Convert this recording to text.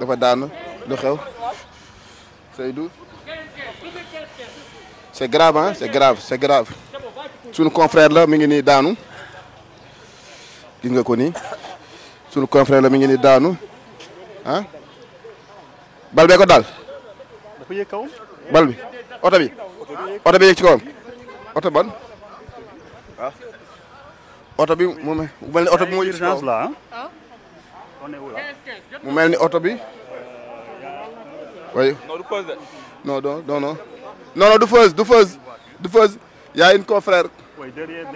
dafa daanu lu xew Seydou c'est grave hein c'est grave c'est grave suñu confrère la mi ngi nii daanu gis nga ko nii suñu confrère la mi ngi nii daanu ah bal bee ko daal bal bi oto bi oto bi yëg ci kawam oto ban ah. oto bi mu mel ni oto bi moo yëg ci kawam mu mel ni oto bi oui non non non non non du fës du fës du une confrère